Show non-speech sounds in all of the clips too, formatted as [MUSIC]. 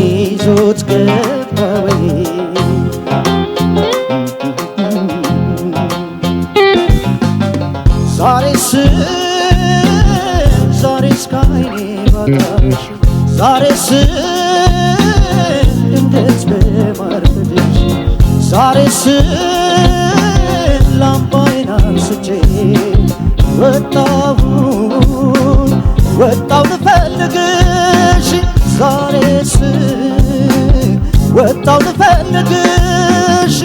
ይዞት ገባ ወይ ዛሬስ ዛሬስ ካይኔ ባጣሽ ዛሬስ እንዴት በማርፈድሽ ዛሬስ ላምባይን አንስቼ ወጣሁ ወጣሁ ልፈልግ ነሽ ዛሬስ ወጣው ልፈልግሽ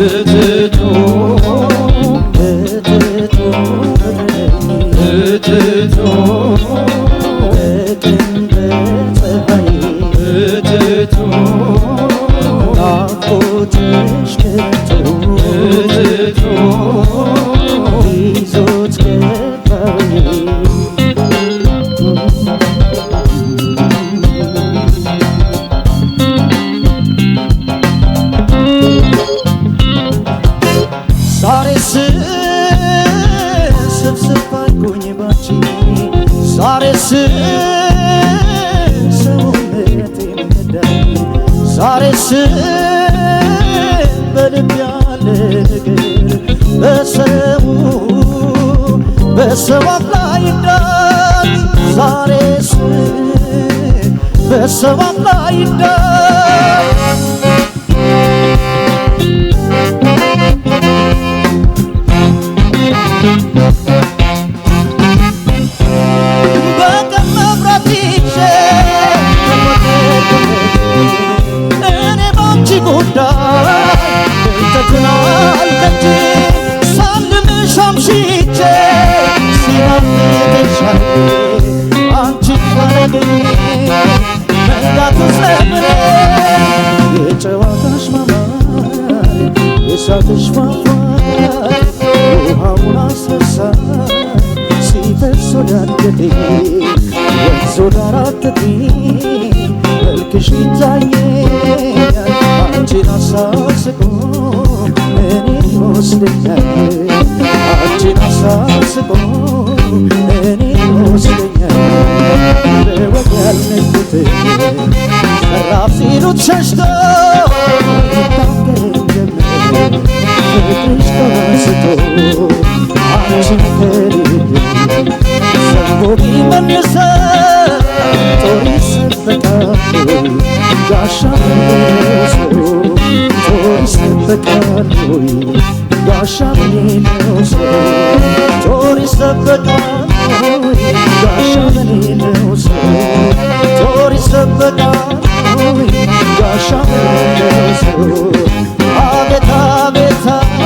እትቱ እትቱ እትቱ ዛሬስ ሰውነት የምዳይ ዛሬስ በልብ ያለ ነገር በሰው በሰባት ላይ ዳይ ዛሬስ በሰባት ላይ ዳይ እሳትሽ ማፏል ውሃውን አስነሳል ሲፈስ ወደ አንገቴ ፍቅርሽ ተመስጦ አንቺን ፈልጌ ሰንቦ ቢመለስ ጦር ይሰበቃል ጋሻ መልሶ ጦር ይሰበቃል ወይ ጋሻ በሌለው ሰው ጦር ይሰበቃል ወይ ጋሻ በሌለው ሰው ጦር ይሰበቃል ወይ ጋሻ በሌለው ሰው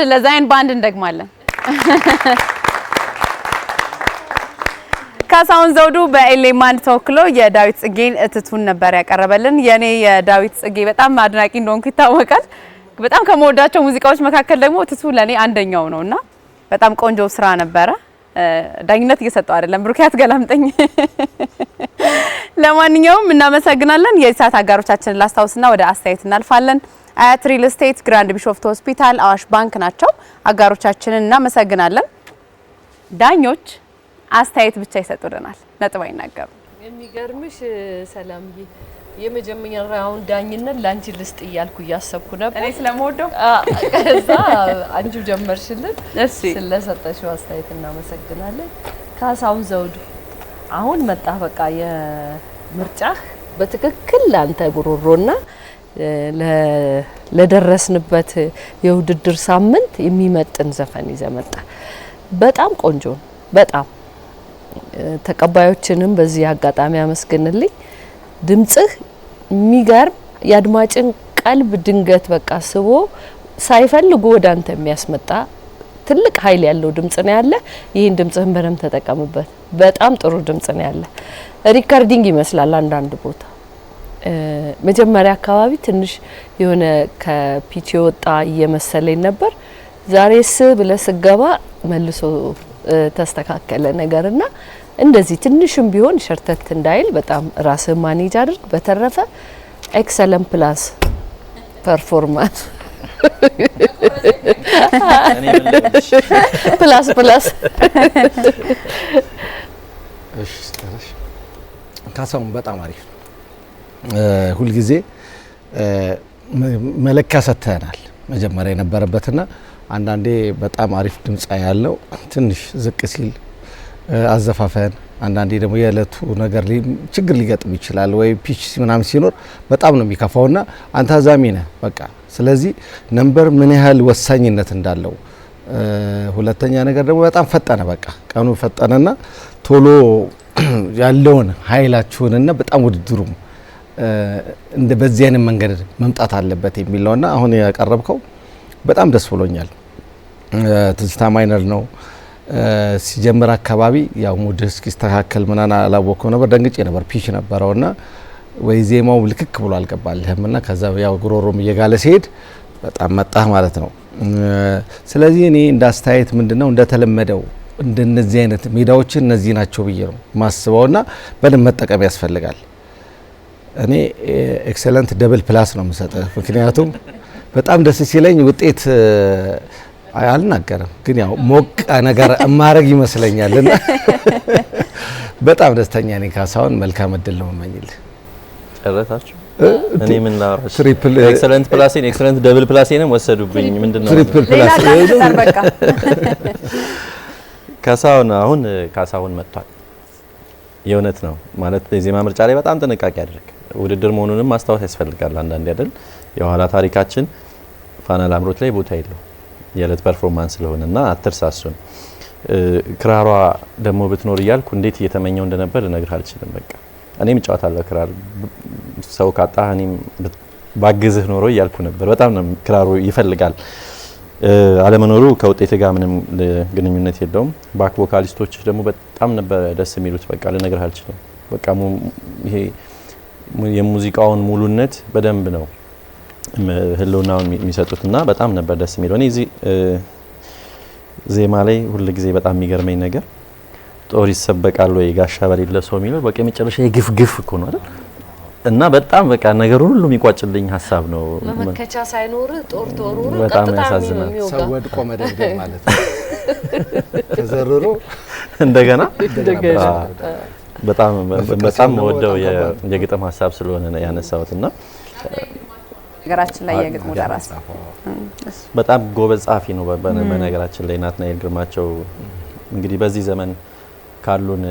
አንድ ለዛይን ባንድ እንደግማለን። ካሳሁን ዘውዱ በኤሌማንድ ተወክሎ የዳዊት ጽጌን እትቱን ነበር ያቀረበልን። የኔ የዳዊት ጽጌ በጣም አድናቂ እንደሆንኩ ይታወቃል። በጣም ከመወዳቸው ሙዚቃዎች መካከል ደግሞ እትቱ ለእኔ አንደኛው እና በጣም ቆንጆ ስራ ነበረ። ዳኝነት እየሰጠው አይደለም። ብሩክያት ገላምጠኝ። ለማንኛውም እናመሰግናለን። የሰዓት አጋሮቻችንን ላስታውስና ወደ አስተያየት እናልፋለን። አያት ሪል ስቴት፣ ግራንድ ቢሾፍት ሆስፒታል፣ አዋሽ ባንክ ናቸው አጋሮቻችንን። እናመሰግናለን። ዳኞች አስተያየት ብቻ ይሰጡልናል፣ ነጥብ አይናገሩ። የሚገርምሽ ሰላምዬ የመጀመሪያውን ዳኝነት ለአንቺ ልስጥ እያልኩ እያሰብኩ ነበር። እኔ ስለምወደው ከዛ አንቺ ጀመርሽልን። ስለሰጠሽው አስተያየት እናመሰግናለን። ካሳሁን ዘውዱ አሁን መጣ በቃ የምርጫህ በትክክል ለአንተ ጉሮሮና ለደረስንበት የውድድር ሳምንት የሚመጥን ዘፈን ይዘ መጣ። በጣም ቆንጆ ነው። በጣም ተቀባዮችንም በዚህ አጋጣሚ አመስግንልኝ። ድምጽህ የሚገርም የአድማጭን ቀልብ ድንገት በቃ ስቦ ሳይፈልጉ ወደ አንተ የሚያስመጣ ትልቅ ኃይል ያለው ድምጽ ነው ያለ። ይህን ድምጽህን በደንብ ተጠቀምበት። በጣም ጥሩ ድምጽ ነው ያለ። ሪከርዲንግ ይመስላል አንዳንድ ቦታ መጀመሪያ አካባቢ ትንሽ የሆነ ከፒች የወጣ እየመሰለኝ ነበር። ዛሬ ስ ብለ ስገባ መልሶ ተስተካከለ ነገርና እንደዚህ ትንሽም ቢሆን ሸርተት እንዳይል በጣም ራስ ማኔጅ አድርግ። በተረፈ ኤክሰለን ፕላስ ፐርፎርማንስ ፕላስ ፕላስ እሺ ካሳሁን በጣም አሪፍ ሁልጊዜ መለኪያ ሰጥተናል። መጀመሪያ የነበረበትና አንዳንዴ በጣም አሪፍ ድምጻ ያለው ትንሽ ዝቅ ሲል አዘፋፈን አንዳንዴ ደግሞ የእለቱ ነገር ችግር ሊገጥም ይችላል። ወይ ፒች ምናምን ሲኖር በጣም ነው የሚከፋውና አንተ አዛሚ ነህ በቃ። ስለዚህ ነንበር ምን ያህል ወሳኝነት እንዳለው፣ ሁለተኛ ነገር ደግሞ በጣም ፈጠነ በቃ ቀኑ ፈጠነና ቶሎ [CLEARS THROAT] ያለውን ኃይላችሁንና በጣም ውድድሩም እንደ በዚህ አይነት መንገድ መምጣት አለበት የሚለውና አሁን ያቀረብከው በጣም ደስ ብሎኛል። ትዝታ ማይነር ነው ሲጀምር አካባቢ ያው ሙድ እስኪስተካከል ምናን አላወቅኩም ነበር። ደንግጬ ነበር። ፒች ነበረው ና ወይ ዜማው ልክክ ብሎ አልገባልህም ና ከዛ ያው ጉሮሮም እየጋለ ሲሄድ በጣም መጣህ ማለት ነው። ስለዚህ እኔ እንደ አስተያየት ምንድነው እንደተለመደው እንደነዚህ አይነት ሜዳዎችን እነዚህ ናቸው ብዬ ነው ና በደንብ መጠቀም ያስፈልጋል። እኔ ኤክሰለንት ደብል ፕላስ ነው የምሰጥህ። ምክንያቱም በጣም ደስ ሲለኝ ውጤት አልናገርም ግን ያው ሞቅ ነገር ማድረግ ይመስለኛል። እና በጣም ደስተኛ ነኝ። ካሳሁን መልካም እድል ነው የምመኝልህ። ጨረታችሁ? እኔ ምን ላወራሽ። ትሪፕል ኤክሰለንት ፕላሴን ኤክሰለንት ደብል ፕላሴንም ወሰዱብኝ። ምንድን ነው ትሪፕል ፕላሴ? [LAUGHS] ካሳሁን አሁን ካሳሁን መጥቷል። የእውነት ነው ማለት የዜማ ምርጫ ላይ በጣም ጥንቃቄ አድርግ። ውድድር መሆኑንም ማስታወስ ያስፈልጋል። አንዳንዴ ያደል የኋላ ታሪካችን ፋና ላምሮት ላይ ቦታ የለው የዕለት ፐርፎርማንስ ስለሆነና አትርሳሱን። ክራሯ ደግሞ ብትኖር እያልኩ እንዴት እየተመኘው እንደነበር ልነግርህ አልችልም። በቃ እኔም እጫወታለሁ ክራር፣ ሰው ካጣ እኔም ባግዝህ ኖሮ እያልኩ ነበር። በጣም ነው ክራሩ ይፈልጋል። አለመኖሩ ከውጤት ጋር ምንም ግንኙነት የለውም። ባክ ቮካሊስቶች ደግሞ በጣም ነበር ደስ የሚሉት። በቃ ልነግርህ አልችልም። በቃ ይሄ የሙዚቃውን ሙሉነት በደንብ ነው ህልውናውን የሚሰጡትና በጣም ነበር ደስ የሚለው። እኔ እዚህ ዜማ ላይ ሁል ጊዜ በጣም የሚገርመኝ ነገር ጦር ይሰበቃል ወይ ጋሻ በሌለ ሰው የሚለው በቃ የመጨረሻ የግፍ ግፍ እኮ ነው አይደል? እና በጣም በቃ ነገሩ ሁሉ የሚቋጭልኝ ሀሳብ ነው። መመከቻ ሳይኖር ጦር ጦሩ በጣም ያሳዝናል። ሰው ወድቆ መደብደብ ማለት ነው። ተዘርሮ እንደገና በጣም በጣም ወደው የግጥም ሀሳብ ስለሆነ ያነሳሁት እና በነገራችን ላይ የግጥሙ ደራሲ በጣም ጎበዝ ጸሐፊ ነው። በነገራችን ላይ ናትናኤል ግርማቸው እንግዲህ በዚህ ዘመን ካሉን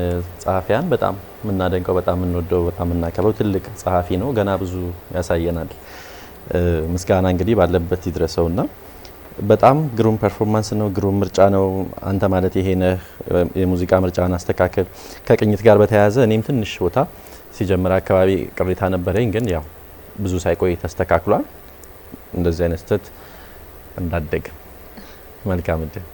ጸሐፊያን በጣም የምናደንቀው፣ በጣም የምንወደው፣ በጣም የምናከብረው ትልቅ ጸሐፊ ነው። ገና ብዙ ያሳየናል። ምስጋና እንግዲህ ባለበት ይድረሰውና በጣም ግሩም ፐርፎርማንስ ነው። ግሩም ምርጫ ነው። አንተ ማለት ይሄ ነህ። የሙዚቃ ምርጫን አስተካከል። ከቅኝት ጋር በተያያዘ እኔም ትንሽ ቦታ ሲጀምር አካባቢ ቅሬታ ነበረኝ፣ ግን ያው ብዙ ሳይቆይ ተስተካክሏል። እንደዚህ አይነት ስህተት እንዳደግ መልካም እድል